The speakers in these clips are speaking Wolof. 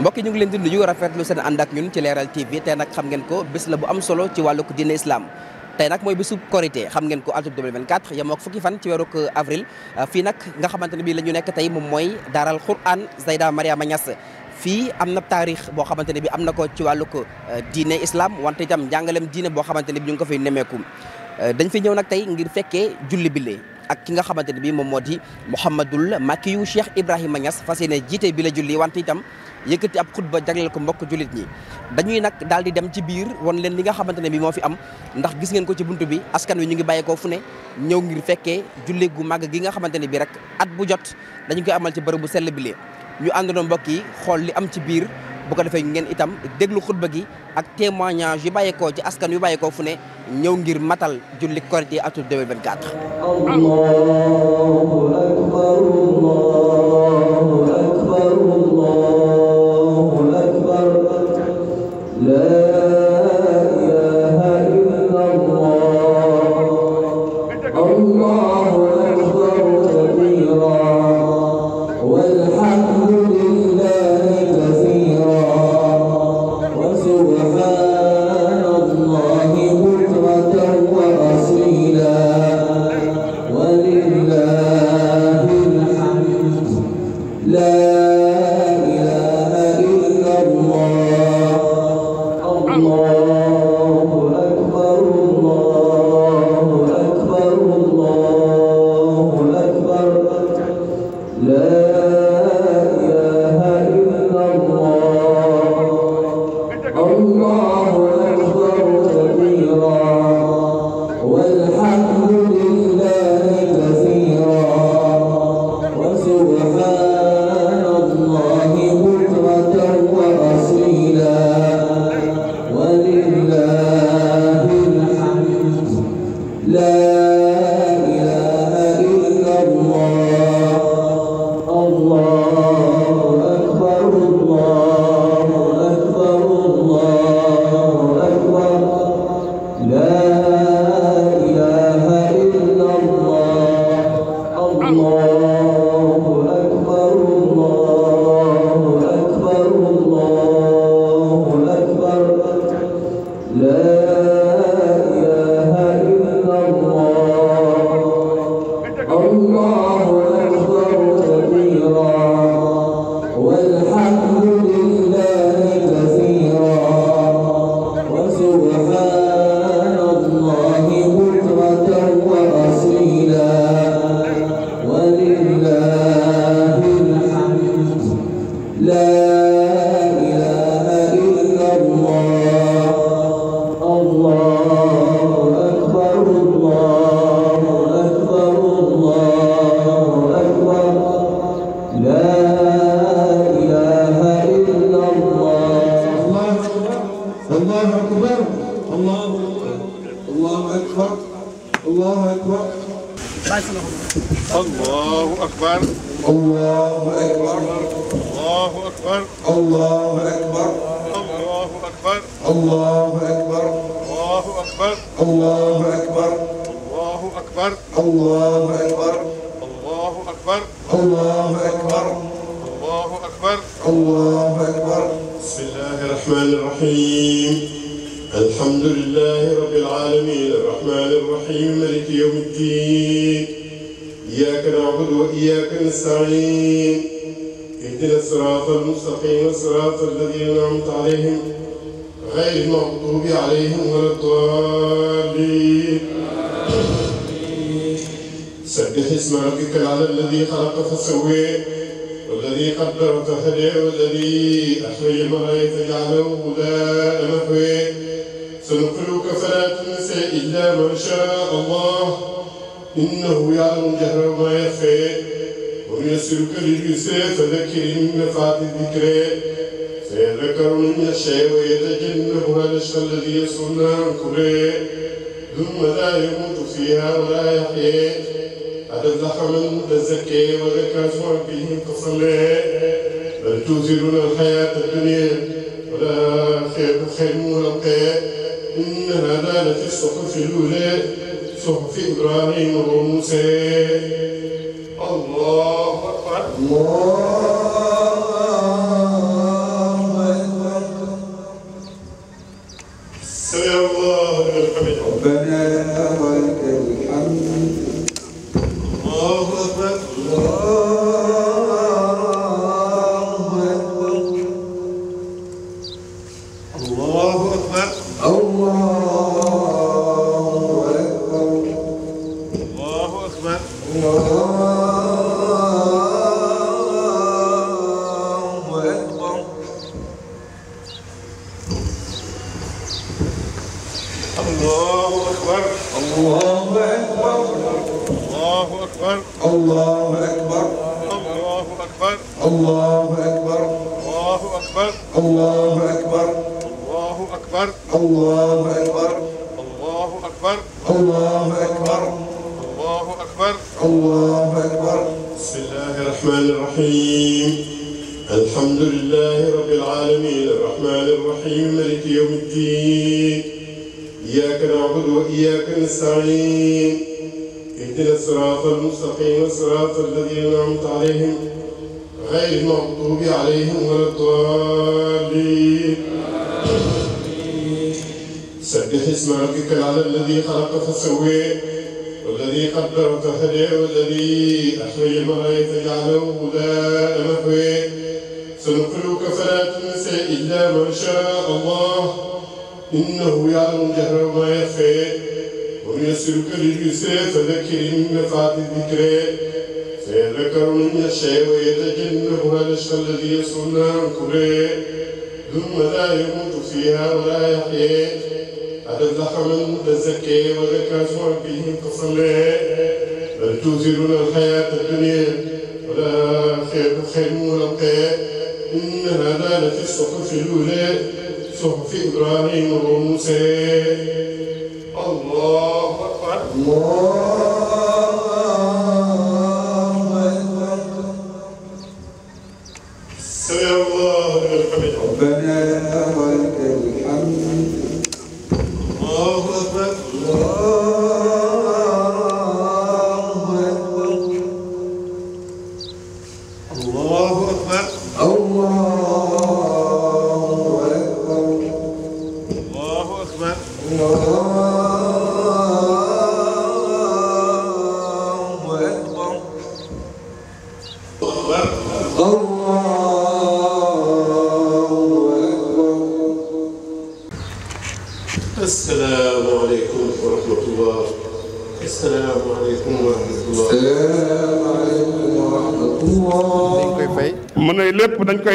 mbokk yi ñu ngi leen di nuyu rafetlu seen ànd ñun ci leeral TV te nag xam ngeen ko bés la bu am solo ci wàllug diine islam. tey nag mooy bisu korité xam ngeen ko atum 2024 yemoo ak fukki fan ci weeruk avril fii nag nga xamante ne bii la ñu nekk tey moom mooy daaral Quran Zeyda Mariama Niass fii am na taarix boo xamante ne bi am na ko ci wàllug euh, diine islam wante itam njàngalem diine boo xamante ne bi ñu ngi ko fay nemmeeku euh, dañ fi ñëw nag tey ngir fekkee julli bile ak ki nga xamante ne bii moom moo di Mouhamadul Makiyu Cheikh Ibrahima Niass fas yéene jiite bi la julli wante itam yëkkati ab xutba jagleel ko mbokk jullit ñi dañuy nag daal di dem ci biir won leen li nga xamante ne bi moo fi am ndax gis ngeen ko ci bunt bi askan wi ñu ngi bàyyeekoo fu ne ñëw ngir fekkee julli gu màgg gi nga xamante ne bi rek at bu jot dañu koy amal ci bërëb bu sell bi lee ñu àndoon mbokk yi xool li am ci biir bu ko defee ngeen itam déglu xutba gi ak témoignage yu bàyyeekoo ci askan yu bàyyeekoo fu ne ñëw ngir matal julli korité atum 2024. الله الله أكبر الله أكبر الله أكبر الله أكبر الله أكبر الله أكبر الله أكبر الله أكبر الله أكبر الله أكبر الله أكبر الله أكبر الله أكبر الله أكبر الله أكبر الله أكبر بسم الله الرحمن الرحيم الحمد لله رب العالمين الرحمن الرحيم ملك يوم الدين إياك نعبد وإياك نستعين اهدنا الصراط المستقيم صراط الذين أنعمت عليهم غير المغضوب عليهم ولا الضالين سبح اسم ربك العلى الذي خلق فسوي والذي قدر فهدى والذي أحيي المرأة فجعله هداء نحوه سنقرئك فلا تنسى إلا ما شاء الله إنه يعلم الجهر وما يخفى ونيسرك لليسرى فذكر إن نفعت الذكرى سيذكر من يخشى ويتجنبها الأشقى الذي يصلى النار الكبرى ثم لا يموت فيها ولا يحيى قد أفلح من تزكى وذكر اسم ربه فصلى بل تؤثرون الحياة الدنيا والآخرة خير وأبقى إن هذا لفي الصحف الأولى صحف إبراهيم وموسى الله أكبر الله أكبر الله أكبر الله أكبر بسم الله الرحمن الرحيم الحمد لله رب العالمين الرحمن الرحيم ملك يوم الدين إياك نعبد وإياك نستعين اهدنا الصراط المستقيم صراط الذين أنعمت عليهم غير المغضوب عليهم ولا الضالين سبح اسم ربك العلى الذي خلق فسوي الذي قدرك فدعه الذي أحوي المرء فجعله غلاء مهوي سنقلك فلا تنس إلا ما شاء الله إنه يعلم الجهر وما يخفي ونيسرك لليسر فذكر إن نفعت الذكر سيذكر من يخشى ويتجنبها الأشقى الذي يصلى عن كبري ثم لا يموت فيها ولا يحيي عدد لحم تزكي وذكى فيه تصلي بل توزنون الحياة الدنيا والآخرة خير ملقى إن هذا لفي الصحف الأولى صحف إبراهيم وموسى الله أكبر الله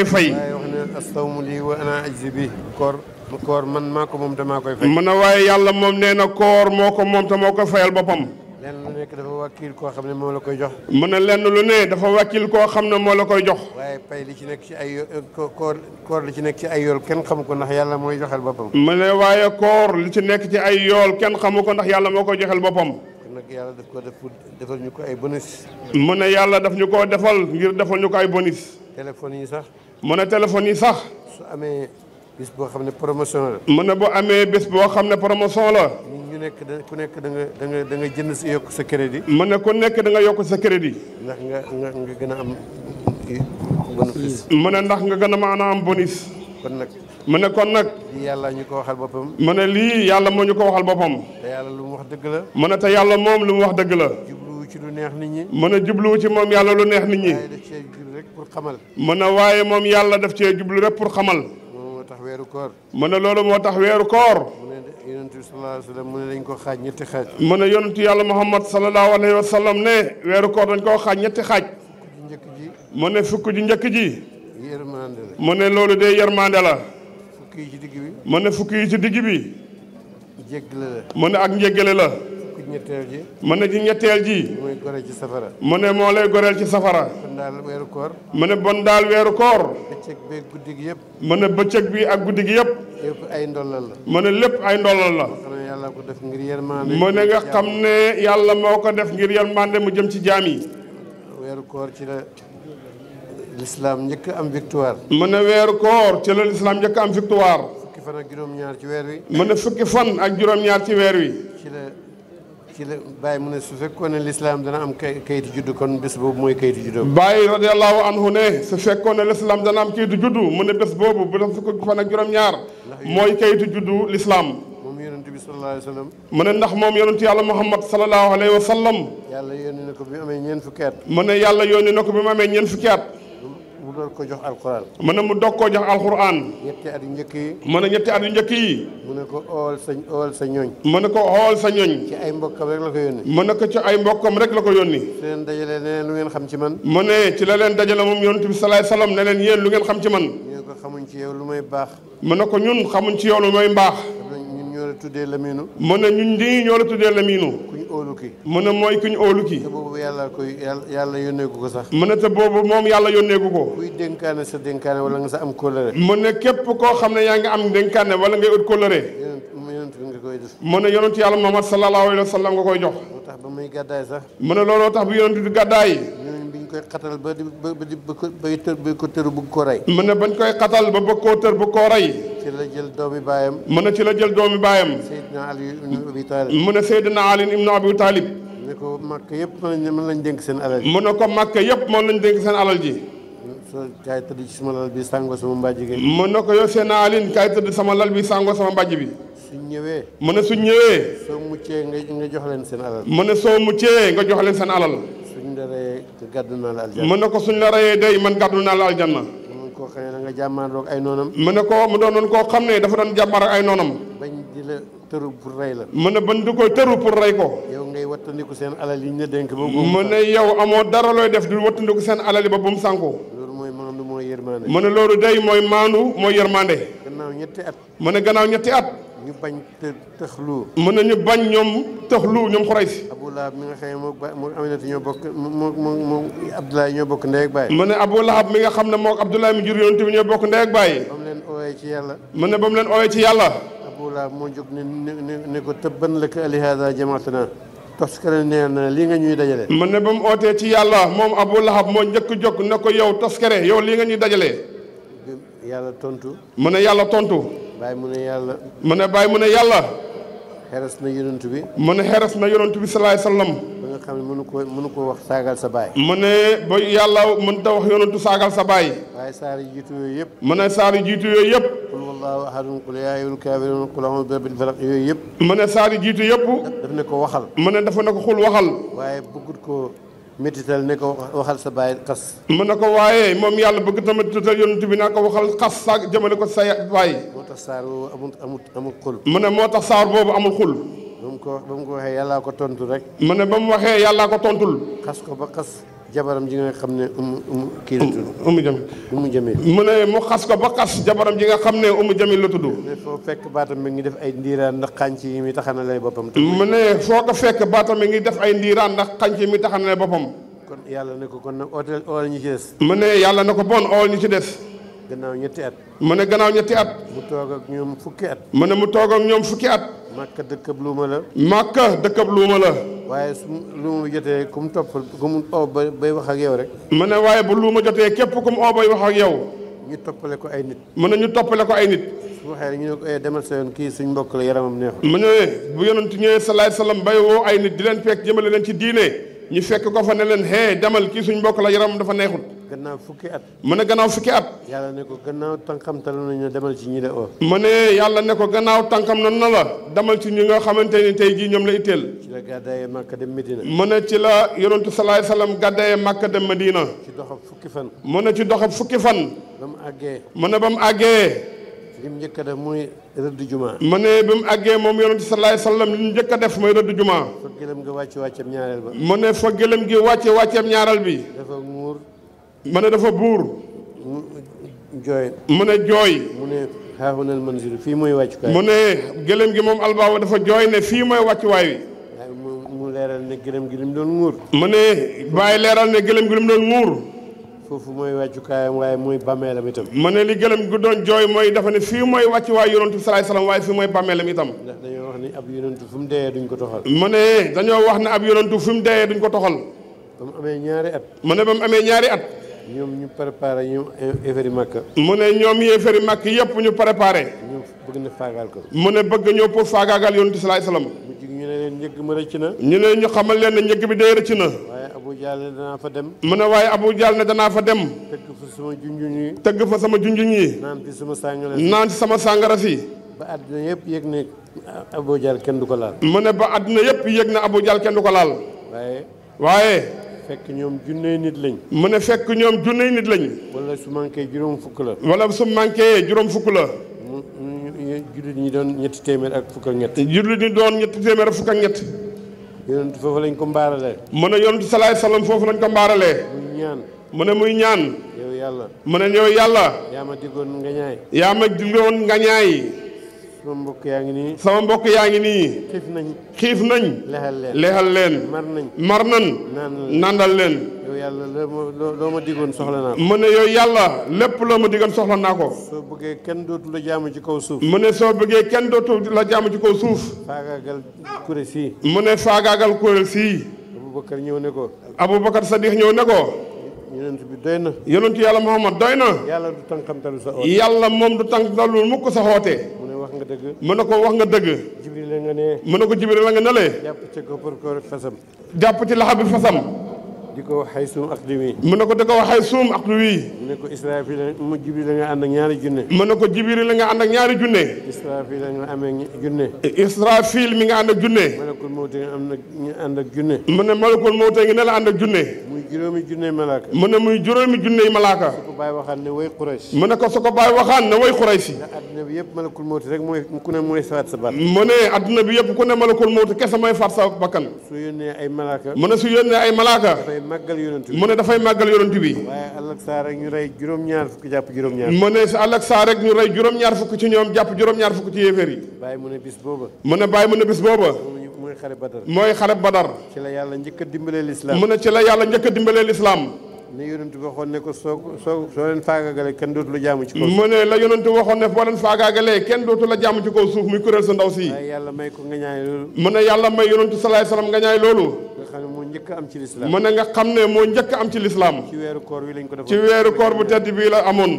koy ne wa ana ajzi bi koor koor man maa ko moom te maa koy fay. mën na waaye yàlla moom nee koor moo ko moom te moo ko fayal boppam. lenn lu nekk dafa wàkkil koo xam ne moo la koy jox. mën na lenn lu ne dafa wàkkil koo xam ne moo la koy jox. waaye pay li ci nekk ci ay koor koor li ci nekk ci ay yool kenn xamu ko ndax yàlla mooy joxel boppam. mu ne waaye koor li ci nekk ci ay yool kenn xamu ko ndax yàlla moo koy joxel boppam. kon nag def pour defal ñu ko mu ne yàlla daf ñu ko defal ngir defal ñu ko ay bonus. téléphone yi sax. mu ne téléphone yi sax. su amee bis boo xam ne promotion la. mu ne bu amee bis boo xam ne promotion la. ñu nekk da ku nekk da nga da nga da nga jënd si yokk sa crédit. mu ne ku nekk da nga yokk sa crédit. ndax nga nga nga gën a am bonus. mu ndax nga gën a maanaam bonus. kon nag. mu ne kon nag. lii yàlla ñu ko waxal boppam. mu ne lii yàlla moo ñu ko waxal boppam. te lu mu wax dëgg la. mu ne te yàlla moom lu mu wax dëgg la. jubluwu ci lu neex ni ñi. mu ne jubluwu ci moom yàlla lu neex nit ñi. rek pour mën na waaye moom yàlla daf cee jublu rek pour xamal. moo tax weeru koor. mën na loolu moo tax weeru koor. yonent bi sallallahu alayhi wa sallam mu ne dañ koo xaaj ñetti xaaj. mu ne yonent yàlla Muhammad sallallahu alayhi wa sallam ne weeru koor dañ koo xaaj ñetti xaaj. njëkk ji. mu ne fukk ji njëkk ji. yërmande la. mu ne loolu de yërmande la. fukk yi ci digg fukk yi ci digg bi. jéggale ak njéggale la. ñetteel ji. mu ne ci ñetteel ji. mooy safara. mu ne moo lay goreel ci safara. kon daal mu ne bon daal weeru koor. bëccëg bi ak guddi gi yëpp. mu ne bëccëg bi ak guddi gi yëpp. lépp la. mu ne lépp ay ndollal la. ko def ngir yërmande. mu ne nga xam ne yàlla moo ko def ngir yërmande mu jëm ci jaam yi. weeru koor ci la. l'islam njëkk am victoire. mu ne weeru koor ci la l'islam njëkk am victoire. fukki fan ak juróom-ñaar ci weer wi. mu ne fukki fan ak juróom-ñaar ci weer wi. ci la Baye mu ne su fekkoon ne lislaam dana am kayitu juddu kon bés boobu mooy kayitu juddu. Baye radiyallahu anhu ne su fekkoon ne lislaam dana am kayitu juddu mu ne bés boobu bu def fukki fan ak juróom-ñaar mooy kayitu juddu lislaam. moom yonent bi sallallahu alayhi wa sallam. mu ne ndax moom yonent yàlla Muhammad sallallahu alayhi wa sallam. yàlla yónni na ko bi mu amee ñeent fukki at. mu ne yàlla yónni na ko bi mu amee ñeen fukki at. mu door ko jox alquran. mën a mu doog koo jox alquran. ñetti at yu njëkk yi. mu a ñetti at yu njëkk ne ko ool sa ool sa ñooñ. mu ne ko ool sa ñooñ. ci ay mbokkam rek la ko yónni. mu ne ko ci ay mbokkam rek la ko yónni. ci leen dajale ne lu ngeen xam ci man. mën ne ci la leen dajale moom yonent bi salaay salaam ne leen yéen lu ngeen xam ci man. ñu ne ko xamuñ ci yow lu may baax. mën ne ko ñun xamuñ ci yow lu may mbaax. la tuddee Laminu. mu ne ñoo la tuddee Laminu. ku ñu óolu ki. mu ne mooy ku ñu óolu ki. te boobu yàlla koy yàlla yónneeku ko sax. mu ne te boobu moom yàlla yónneeku ko. kuy dénkaane sa dénkaane wala nga sa am kóllëre. mu ne képp koo xam ne yaa ngi am dénkaane wala ngay ut kóllëre. mu ne yonent yàlla Muhammad sallallahu alayhi wa sallam nga koy jox. moo tax ba muy gàddaay sax. mu ne koy xatal ba di ba di ba ko tër bëgg koo rey. mu ne bañ koy xatal ba bëgg koo tër bëgg koo rey. ci la jël doomi baayam. mu ne ci la jël doomi baayam. Seydina Ali ibn Abi Talib. mu ne Seydina Ali ibn Abi Talib. mu ne ko màkk yëpp mën lañ dénk seen alal ji. mu ne ko màkk yëpp moom lañ dénk seen alal ji. kaay tëdd ci sama lal bi sàngo sama mbàjj gi. ko yow Seydina Ali kaay tëdd sama lal bi sàngo sama mbàjj bi. suñ ñëwee. mu na suñ ñëwee. soo muccee nga jox leen seen alal. mu ne soo muccee nga jox leen seen alal. suñ la rayee gàddu naa la aljanna. mu ne ko suñ la rayee day man gàddu naa la aljanna koo xam ne da nga jàmmaarloog ay noonam. la tëru pour rey la. mu ne bañ di ko ko. yow ngay wattandiku seen alal yi ñu la dénk. ba mu ne yow amoo dara looy def di wattandiku seen alal ba bu mu sànku. loolu loolu day mooy maandu mooy yërmande. gannaaw ñetti at. mu ne gannaaw ñetti at. ñu bañ të tëxlu. mën nañu bañ ñoom tëxlu ñoom xorey si. Abu Lahab mi nga xam moo moom moom Aminata ñoo bokk moom moom moom Abdoulaye ñoo bokk ndey ak baay. mu ne Abu Lahab mi nga xam ne moom Abdoulaye mi jur yonent bi ñoo bokk ndey ak baay. ba leen ooyee ci yàlla. mu ne ba mu leen ooyee ci yàlla. Abu Lahab moo jóg ne ne ne ko tëbban laka alihaada jamaatana tos nee na lii nga ñuy dajale. mën na ba mu ootee ci yàlla moom Abu Lahab moo njëkk jóg ne ko yow toskere yow lii nga ñuy dajale. yàlla tontu. mu na yàlla tontu. bàyyi mu ne yàlla. mu ne bàyyi mu ne yàlla. xeres na yonent bi. mu ne xeres na yonent bi salaay sallam. ba ne mënu ko mënu ko wax saagal sa baay. mu ne ba yàlla mënut a wax yonentu saagal sa baay. waaye saar yi jiitu yooyu yëpp. mu ne saar yi jiitu yooyu yëpp. qul wallaahu ahadun qul yaa ayyuhal kaafiruun mu ne saar jiitu yëpp. daf ne ko waxal. mu ne dafa ne ko xul waxal. waaye bëggut ko. métital ne ko waxal sa baay xas. mën na ko waaye moom yàlla bëgg tamit métital yonent bi naa ko waxal xas sa jëmale ko sa baay. moo tax saar boobu amul amu amul xul. mu ne moo tax saar boobu amul xul. ba mu ko ba mu ko waxee ko tontu rek. mu ne ba mu waxee yàllaa ko tontul. xas ko ba xas. jabaram ji nga xam ne umu umu kii la tudd. umu jamil umu jamil. mu ne mu xas ko ba xas jabaram ji nga xam ne umu jamil la tudd. ne foo fekk baatam mi ngi def ay ndiiraan ndax xànc yi mi taxana lay boppam. mu ne foo ko fekk baatam mi ngi def ay ndiiraan ndax xànc yi mi taxana lay boppam. kon yàlla ne ko kon nag ooteel ool ñu ci des. mu ne yàlla ne ko bon ool ñu ci des. gannaaw ñetti at. mu ne gannaaw ñetti at. mu toog ak ñoom fukki at. mu ne mu toog ak ñoom fukki at. màkka dëkkab luuma la. màkka dëkkab luuma la. waaye su luuma bi jotee ku mu topp ku mu oo bay wax ak yow rek. mu ne waaye bu luuma jotee képp ku mu oo wax ak yow. ñu toppale ko ay nit. mu ne ñu toppale ko ay nit. su waxee ñu ne ko eh, demal sa yoon kii suñ mbokk la yaramam neexul. mu ne bu yonent ñëwee salaay salaam bay woo ay nit di leen fekk jëmale leen ci diine. ñu fekk ko fa ne leen hee demal kii suñ mbokk la yaram dafa neexul. gannaaw fukki at. mu a gannaaw fukki at. yàlla ne ko gannaaw tànkam tal na ñu demal ci ñi de oo. mu yàlla ne ko gannaaw tànkam nan na la demal ci ñi nga xamante ni tey jii ñoom la itteel. ci la gàddaayee Màkka dem Medina. mën ne ci la yonantu salaay salaam gàddaayee Màkka dem Medina. ci doxab fukki fan. mu ne ci doxab fukki fan. ba mu àggee. mu ne ba mu àggee. njëkk a def mooy rëdd juma. mu ne bi moom yonent salaay sallam lim njëkk def mooy rëdd juma. fa gëlëm gi wàcce wàcceem ñaareel ba. mu ne fa wàcce wàcceem ñaareel bi. dafa muur. mu ne dafa buur. jooy. mu ne jooy. mu ne xaaxunal manzilu fii mooy wàccukaay. mu ne gëlëm gi moom albaawa dafa jooy ne fii mooy wàccuwaay wi. mu leeral ne gëlëm gi lim doon muur. mu ne bàyyi leeral ne gëlëm gi lim doon muur. foofu mooy wàccukaayam waaye mooy bàmmeelam itam ma ne li gëlëm gu doon jooy mooy dafa ne fii mooy wàccu waay yonantu bi salaay salaam waaye fii mooy bàmmeelam itam ndax dañoo wax ni ab yonantu fu mu deyee duñ ko toxal ma ne dañoo wax ne ab yonantu fu mu deyee duñ ko toxal ba mu amee ñaari at ma ne ba mu amee ñaari at ñoom ñu préparé ñoom yéefari màkk mu ne ñoom yéefari ñu préparé mu ne bëgg ñëw pour faagaagal yonantu bi salaay salaam mu jig ñu ne leen njëgg ma rëcc na ñu ne ñu xamal leen ne njëgg bi day rëcc na abu jaal danaa fa dem. mu ne waaye abu jaal ne danaa fa dem. tëgg fa sama junjun yi. tëgg fa sama junjun yi. sama sàngara si sama sàngara si. ba àdduna yëpp yëg ne abu jaal kenn du ko laal. mu ne ba àdduna yëpp yëg na abu jaal kenn du ko laal. waaye. fekk ñoom junney nit lañ. mu ne fekk ñoom junney nit lañ. wala su manqué juróom fukk la. wala su manqué juróom fukk la. nit ñi doon ñetti téeméer ak fukk ak ñett. jullit ñi doon ñetti ñett. yonent foofu lañ ko mbaaralee. mu ne yonent salaay salaam foofu lañ ko mbaaralee. muy ñaan mu ne muy ñaan. yow yàlla mu ne yow yàlla. yaa ma diggoon ngañaay. yaa ma diggoon ngañaay. sama mbokk yaa ngi nii. sama mbokk yaa ngi nii. xiif nañ. xiif nañ. lexal leen mar nañ mar leen. yow yàlla loo ma digoon soxla naa ko. mu ne yow yàlla ma digoon soxla naa ko. soo bëggee kenn dootu la jaamu ci kaw suuf. mu ne soo bëggee kenn dootu la jaamu ci kaw suuf. faagaagal kuréel sii. mu ne faagaagal kuréel sii. Aboubacar ñëw ne ñëw ne ko. yonent bi doy na. yonentu yàlla Muhammad doy na. yàlla du tànqamtalu sa oote. yàlla moom du tànqamtalu mukk sa oote. wax nga dëgg. mën na ko wax nga dëgg. jibril ne. ko jibril la nga ne lee. jàpp ci ko pour ko fasam. jàpp ci laxa bi fasam. di ko wax xay suum ak wi mu ne ko di ko wax xay ne na ñu ànd ak junne mu ne malakul mawte ngi ne la ànd ak junne muy juróomi junne malaaka mu ne muy juróomi junne malaaka su ne way bi yëpp ku ne mooy kese mooy faat sa bakkan su ne su yónnee ay malaaka màggal mu ne dafay màggal yonent bi waaye àllak saa rek ñu rey juróom-ñaar fukk jàpp juróom-ñaar fukk ci ñoom jàpp juróom-ñaar fukk ci yéeféer yi mu ne bis mu ne bis booba a mu ne ci la a ne yonent bi la jaamu ci mu ne la yonent la jaamu ci kaw suuf muy kuréel sa ndaw si. yàlla may ko nga ñaay salaam nga ñaay loolu. njëkk am ci lislaam mu ne nga xam ne moo njëkk am ci lislaam ci weeru koor lañ ko def ci weeru koor bu tedd bii la amoon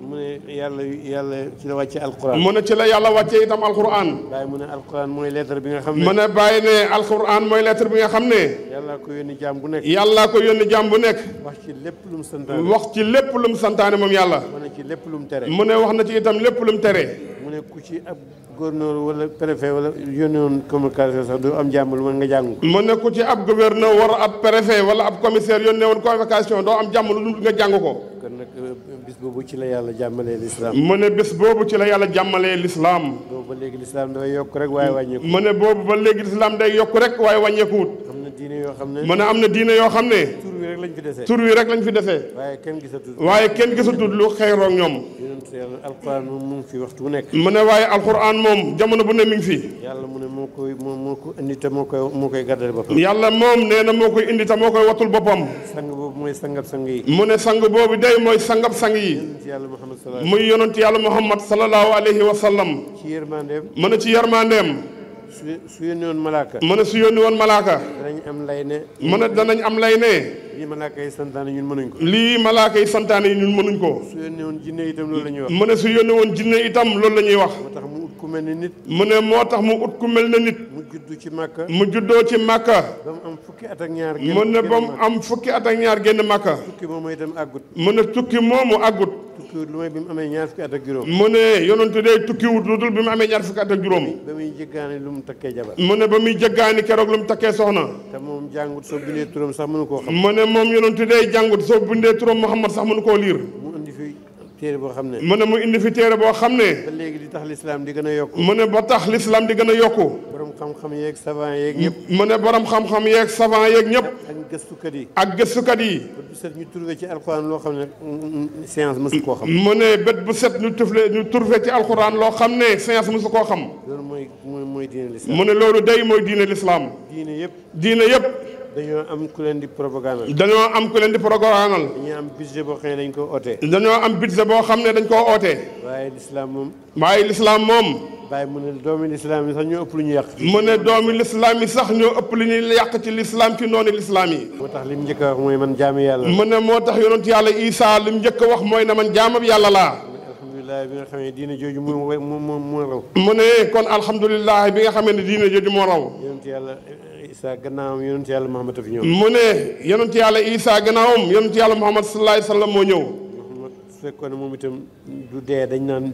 mu ne yàlla yàlla ci la wàccee alquran. mu ne ci la yàlla wàccee itam alquran. bàyyi mu ne alquran mooy lettre bi nga xam ne. mu ne bàyyi ne alquran mooy lettre bi nga xam ne. yàllaa ko yónni jaam bu nekk. yàllaa ko yónni jaam bu nekk. wax ci lépp lu mu santaane. wax ci lépp lu mu santaane moom yàlla. mu ne ci lépp lu mu tere. mu ne wax na ci itam lépp lu mu tere. ne ku ci ab gouverneur wala préfet wala yónnee woon nga jàng ko. mu ne ci ab gouverneur wala ab préfet wala ab commissaire yónnee woon convocation doo am jàmm lu nga jàng ko. kon nag euh, bis boobu ci la yàlla jàmmalee lislaam mu ne bis boobu ci la yàlla jàmmalee lislaam boobu ba léegi lislaam yokk rek waaye wàññeeku. mu ne boobu ba léegi lislaam day yokk rek waaye wàññeekuwut. diine yoo xam ne. mën a am na diine yoo xam ne. tur wi rek lañ fi dese. tur wi rek lañ fi dese. waaye kenn gisatul. waaye kenn gisatul lu xeyroo ak ñoom. alquran moom mu ngi fi waxtu bu nekk. mu ne waaye alquran moom jamono bu ne mi ngi fi. yàlla mu ne moo koy moo moo ko indi te moo koy moo koy gàddal boppam. yàlla moom nee na moo koy indi te moo koy wattul boppam. sang boobu mooy sangab sang yi. mu ne sang boobu day mooy sangab sang yi. muy yonent yàlla Muhammad sallallahu alayhi wa sallam. ci yërmandeem. mu ne ci yërmandeem. su su yónni woon malaaka. mu ne su yónni woon malaaka. danañ am lay ne. mën a danañ am lay ne. lii malaaka yi santaane ñun mënuñ ko. lii malaaka yi santaane ñun mënuñ ko. su yónnee woon jinne itam la ñuy wax. mu ne su yónnee woon jinne itam loolu la ñuy wax. moo tax mu ut ku mel ne nit. mu ne moo tax mu ut ku mel ne nit. mu juddu ci màkka. mu juddoo ci màkka. ba mu am fukki at ak ñaar. génn màkka mu ne ba mu am fukki at ak ñaar génn màkka. tukki moomu itam àggut. mu ne tukki moomu àggut. tukkiwut lu may bi mu amee ñaar fukki at ak juróom. mu ne yonent de bi mu amee ñaar fukki at ak juróom. ba muy jëggaani lu mu takkee jabar. mu ne ba muy jëggaani keroog lu mu takkee soxna. moom jàngut soo bindee turam sax mënu koo xam. mu ne moom yonent de jàngut soo bindee turam Muhammad sax mënu koo liir. mu indi fi téere boo xam ne. mu ne mu indi fi téere boo xam ne. ba léegi di tax lislaam di gën a yokk mu ne ba tax lislaam di gën a yokk borom xam-xam yeeg savant yeeg ñëpp. mu ne borom xam-xam yeeg savant yeeg ñëpp gëstukat yi. ak gëstukat yi. bët bu set ñu trouvé ci alxuraan loo xam ne science mësu koo xam. mu ne bët bu set ñu tufle ñu trouvé ci alxuraan loo xam ne science mësu koo xam. loolu mooy mooy diine mu ne loolu day mooy diine lislaam. diine yëpp. diine yëpp. dañoo am ku leen di propagandal. dañoo am ku leen di propagandal. dañoo am budget boo xam ne dañ koo ootee. dañoo am budget boo xam ne dañ koo oote lislaam moom. waaye lislaam moom. bàyyi mu ne doomi lislaam yi sax ñoo ëpp lu ñu yàq. mu ne doomi lislaam yi sax ñoo ëpp lu ñuy yàq ci lislaam ci noonu lislaam yi. moo tax li mu njëkk wax mooy man jaami yàlla. mu ne moo tax yonent yàlla Isaa li mu njëkk wax mooy na man jaamab yàlla laa. alhamdulilah bi nga xam ne diine jooju moo moo moo raw. mu ne kon bi nga xam ne diine jooju moo Isa a fi ñëw. mu ne yonent yàlla Isa gannaawam yonent yàlla Muhammad sallallahu su fekkoon ne moom itam du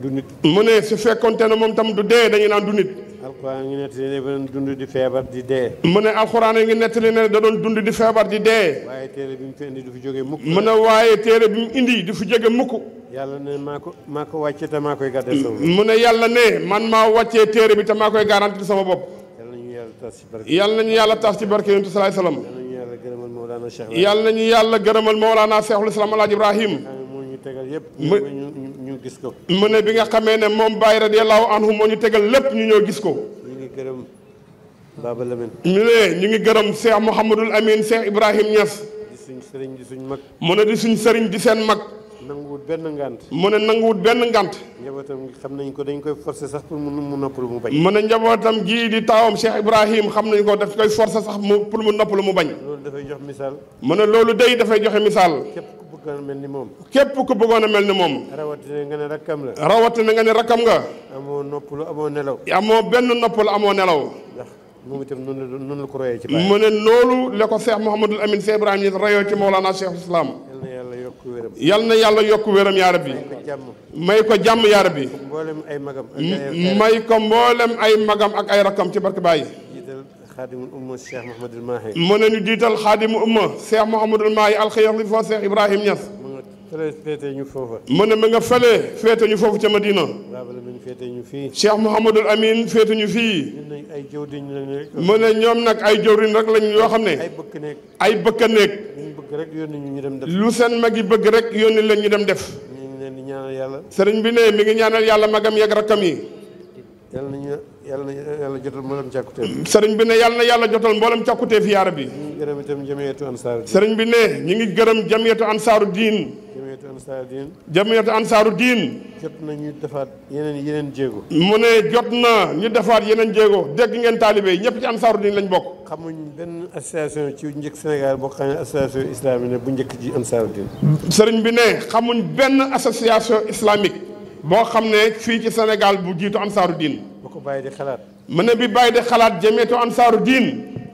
du nit. mu ne du dee dañu naan du nit. alxuraan ngi nettali ne da doon dund di feebar di dee. mu ne alxuraan ngi nettali ne da doon dund di feebar di dee. waaye téere bi mu fi indi du fi jógee mukk. mu ne waaye téere bi mu indi du fi jógee mukk. ko maa ko wàccee te maa koy gardé sama bopp. mu ne yàlla ne man maa wàccee téere bi te maa koy garanti sama bopp. yàlla nañu yàlla taas ci barke yonent salaay salaam. yàlla nañu yàlla gërëmal Mawlana Cheikhul Islam Alaaji Ibrahim. mu ñu gis ko. mu ne bi nga xamee ne moom Baye radiyallahu anhu moo ñu tegal lépp ñu ñëw gis ko. ñu ngi gërëm Baba Lamine. ñu ne ñu ngi gërëm Cheikh Mouhamadul Amine Cheikh Ibrahim Niass. di suñ sëriñ di suñ mag. mu ne di suñ sëriñ di seen mag. nanguwut benn ngant. mu ne nanguwut benn ngant. njabootam xam nañ ko dañ koy forcer sax pour mu noppalu mu bañ. mu ne njabootam gii di taawam Cheikh Ibrahim xam nañ ko daf koy forcer sax mu pour mu noppalu mu bañ. loolu dafay jox misaal. mu ne loolu day dafay joxe misaal. képp ku bëggoon a mel ni moom. képp ku bëggoon a mel ni moom. rawatina nga ne rakkam la. nga ne rakkam nga. amoo noppalu amoo nelaw. amoo benn noppalu amoo nelaw. moom itam noonu la noonu la ko royee ko Cheikh Mouhamadul Amine Cheikh Ibrahim rayoo yàlla yokk wéram. yal na yàlla yokk wéram yaa rabbi. may ko jàmm. may ko jàmm yaa rabbi. ay magam. may ko mboolem ay magam ak ay rakam ci barke Baye. jiital xaadimul umma Cheikh Mouhamadul Mahi. mu ne ñu jiital xaadimul umma Cheikh Mouhamadul Mahi alxeyri foo Cheikh Ibrahim Niass. fële féete mu ne ma nga fële féete ñu foofu ca Madina. Baaba Lamin féete ñu fii. Cheikh Mouhamadul Amin féete ñu fii. ay mu ne ñoom nag ay jëwriñ rek lañ yoo xam ne. ay bëkk bëgg rek yónni ñu dem def. lu seen mag yi bëgg rek yónni leen ñu dem def. ñu leen di yàlla. sëriñ bi ne mi ngi ñaanal yàlla magam yeeg rakkam yi. yàlla na yàlla na yàlla jotal mboolem càkkuteef. sëriñ bi ne yàlla na yàlla jotal mboolem càkkuteef yaara bi. ñu ngi gërëm itam jamiyatu ansaaru diin. sëriñ bi ne ñu ngi gërëm jamiyatu ansaaru diin. jamiyatu ansaaru diin. jamiyatu ansaaru diin. jot na ñu defaat yeneen yeneen jéego. mu ne jot na ñu defaat yeneen jéego dégg ngeen taalibe ñëpp ci ansaaru diin lañ bokk. xamuñ benn association ci njëkk Sénégal boo xam ne association islamique ne bu njëkk ji ansaaru diin. sëriñ bi ne xamuñ benn association islamique. boo xam ne fii ci Sénégal bu jiitu ansaaru diin. bu ko bàyyi di xalaat. mu ne bi bàyyi di xalaat jëmeetu ansaaru diin.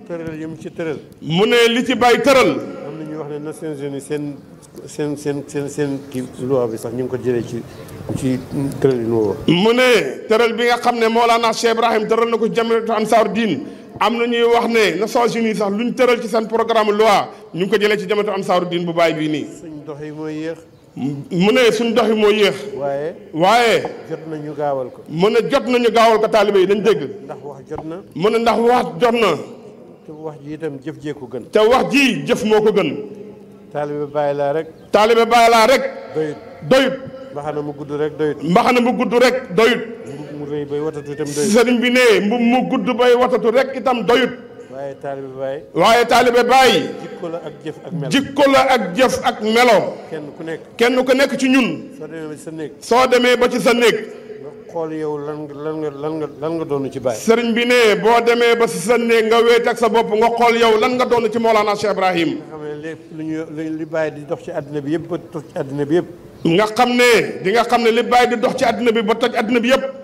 tëral yi mu ci tëral. mu ne li ci bàyyi tëral. am na ñuy wax ne Nations Unies seen seen seen seen seen kii loi bi sax ñu ngi ko jëlee ci ci tëral yi mu ne tëral bi nga xam ne Mawlana Cheikh Ibrahim tëral na ko jëmeetu ansaaru diin am na ñuy wax ne Nations Unies sax luñ tëral ci seen programme loi ñu ngi ko jëlee ci jëmeetu ansaaru diin bu bàyyi bii nii. suñ dox yi yéex. mu ne suñ dox yi moo yéex. waaye. waaye. jot nañu gaawal ko. mu ne jot na nañu gaawal ko taalibe yi dañ dégg. ndax wax jot na. mu ne ndax wax jot na. te wax ji itam jëf jee ko gën. wax ji jëf moo ko gën. taalibe bàyyi laa rek. taalibe bàyyi laa rek. doyut doyut. mbaxana mu gudd rek doyut. mbaxana mu gudd rek doyut. mbub mu rëy bay watatu itam doyut. sëriñ bi ne mbub mu gudd bay watatu rek itam doyut. waaye taalibe bàyyi. jikko ak jëf ak melo jikko la ak jëf ak melo. kenn ku nekk kenn ku nekk ci ñun. soo sa néeg. soo demee ba ci sa néeg. xool yow lan nga lan nga lan nga lan nga doon ci bàyyi. sëriñ bi ne boo demee ba si sa néeg nga wéet ak sa bopp nga xool yow lan nga doon ci Mawlana Cheikh Ibrahim. nga xam ne lu ñu li bàyyi di dox ci àddina bi yëpp ba toj ci yëpp. nga xam ne di nga xam ne li bàyyi di dox ci àddina bi ba toj àddina bi yëpp.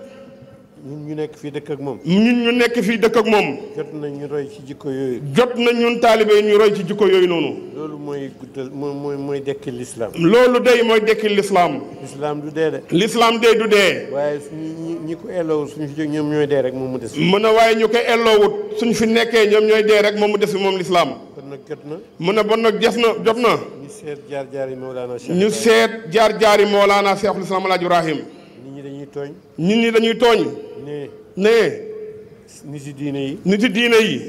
ñun ñu nekk fii dëkk ak moom. ñun ñu nekk fii dëkk ak moom. jot nañ ñu roy ci jikko yooyu. jot nañ ñun taalibe ñu roy ci jikko yooyu noonu. loolu mooy guddal mooy mooy dekki lislaam. loolu day mooy dekki lislaam. lislaam du dee de. lislaam day du dee. waaye ñi ñi ko elloowut suñu fi jóg ñoom ñooy dee rek moom mu des. mën a waaye ñu ko elloowut suñu fi nekkee ñoom ñooy dee rek moom mu des moom lislaam. kon nag jot na. mën a bon nag jëf na jot na. ñu seet jaar jaari Mawlana Cheikh. ñu seet jaar jaari Mawlana Cheikhul Islam Al Ibrahim. nit ñi dañuy tooñ. nit ñi dañuy tooñ. ne ne nit yi diine yi nit yi diine yi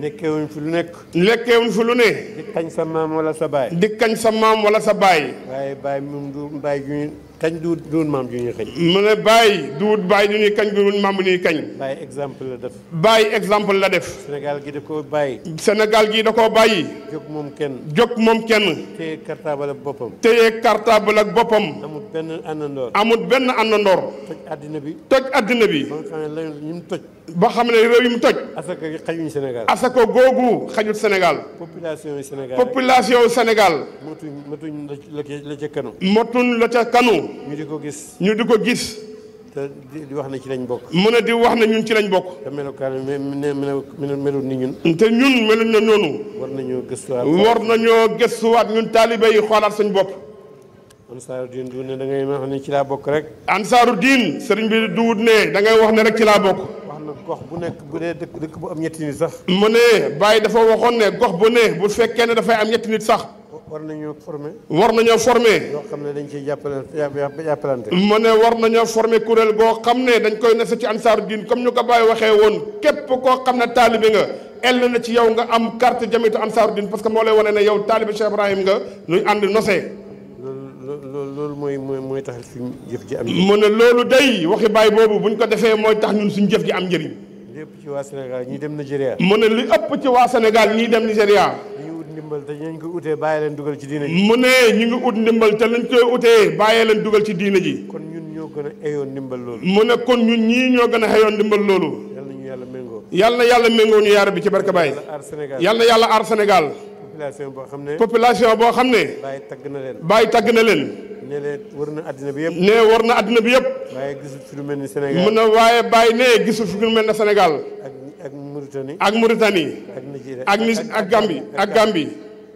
nekkeewuñ fi nekk nekkeewuñ fi lu ne di kañ sa maam wala sa baay di kañ sa wala sa baay waaye baay moom du baay ju kañ duut duut maam ju ñuy kañ. mu ne bàyyi duut bàyyi ñu ñuy kañ duut maam bu ñuy kañ. bàyyi exemple la def. bàyyi exemple la def. Sénégal gi da koo bàyyi. Sénégal gi da koo bàyyi. jóg moom kenn. jóg moom kenn. téye cartable ak boppam. téye cartable ak boppam. amul benn àndandoor. amul benn àndandoor. toj àddina bi. toj àddina bi. ba ba xam ne réew yi mu toj. asaka gi xajuñ Sénégal. asaka googu xajut Sénégal. population yi Sénégal population yi Sénégal. motuñ motuñ la ca kanu. motuñ la ca kanu. ñu di ko gis. ñu di ko gis. di wax ne ci lañ bokk. mu ne di wax ne ñun ci lañ bokk. te melukaan melut ni ñun. te ñun meluñ na noonu. war nañoo gëstuwaat war nañoo gëstuwaat ñun taalibe yi xoolaat suñ bopp. ansaaru diin du da ngay wax ne ci laa bokk rek. ansaaru diin sëriñ bi du ne dangay wax ne rek ci laa bokk. gox bu nekk bu dee dëkk dëkk bu am ñetti nit sax. mu ne Baye dafa waxoon ne gox bu ne bu fekkee ne dafay am ñetti nit sax. war nañoo formé. war nañoo forme yoo xam ne dañ ciy jàppale jàppalante. mu ne war nañoo formé kuréel goo xam ne dañ koy nase ci ansaaru diin comme ñu ko Baye waxee woon képp koo xam ne taalibe nga ell na ci yow nga am carte jamitu ansaaru diin parce que moo lay wane ne yow taalibe Cheikh Ibrahim nga ñuy ànd nosee. loolu loolu mooy mooy tax suñ jëf ji am. mu ne loolu day waxi baay boobu buñ ko defee mooy tax ñun suñ jëf am njëriñ. li ëpp ci waa Sénégal ñii dem Nigéria. mu ne li ëpp ci waa Sénégal ñii dem Nigéria. ñu ngi ut ndimbal te ñu ko utee bàyyi leen dugal ci diina ji. mu ne ñu ngi ut ndimbal te lañ koy utee bàyyi leen dugal ci diina ji. kon ñun ñoo gën a xëyoon ndimbal loolu. mu ne kon ñun ñii ñoo gën a xëyoon ndimbal loolu. yàlla na yàlla méngoo ñu yaar bi ci barke Baay. yàlla aar Sénégal population boo xam ne. population boo xam ne. Baye tagg na leen. Baye tagg na leen. ne leen war na àddina bi yëpp. ne war na àddina bi yëpp. waaye gisul lu mel ni Sénégal. mën na waaye Baye ne gisul fi lu mel na Sénégal. ak ak Mauritanie. ak Mauritanie. ak Nigeria ak ni ak Gambie ak Gambie.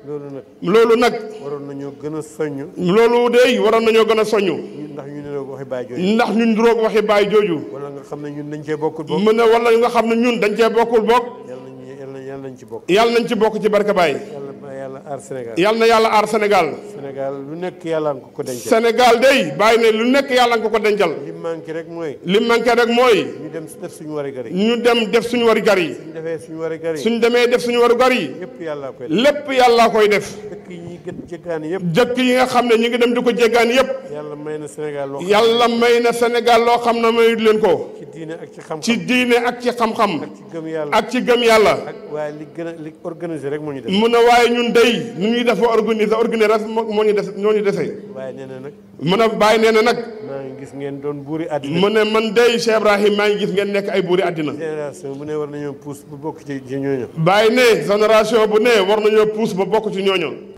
loolu nag loolu nag. waroon nañoo gën a soññu. loolu de waroon nañoo gën a soññ ndax ñu niroog waxi baay jooju. ndax ñu niroog waxi baay jooju. wala nga xam ne ñun dañ cee bokkul bokk. mën na wala nga xam ne ñun dañ cee bokkul bokk. yàlla nañ ci bokk. yàlla nañ ci bokk ci barke Baay. aar Sénégal yal na yàlla aar Sénégal. Sénégal lu nekk yàlla nga ko dencal. Sénégal day bàyyi ne lu nekk yàlla nga ko dencal. li manqué rek mooy. li manqué rek mooy. ñu dem def suñu warugar yi. ñu dem def suñu warugar yi. suñu defee suñu warugar yi. suñu demee def suñu warugar yi. lépp yàlla koy def lépp yàlla koy def. dëkk yi yëpp. dëkk yi nga xam ne ñu ngi dem di ko jéggaani yëpp. may na Sénégal loo yàlla may na Sénégal loo xam ne mayut leen ko. ci diine ak ci xam-xam ci diine ak ci xam-xam. ak ci gëm yàlla ak ci gëm yàlla. waaye li gën rek moo ñu def. mu ne waaye ñun day nu ñuy def ba organisé organisé rek moo ñu des ñoo ñu dese. waaye nee na nag. mu ne bàyyi nee na nag. maa ngi gis ngeen doon buuri àddina. mu ne man day Cheikh Ibrahim maa ngi gis ngeen nekk ay buuri àddina. génération bu ne war nañoo pousse ba bokk ci ñooñu. bàyyi ne génération bu ne war nañoo pousse ba bokk ci ñooñu.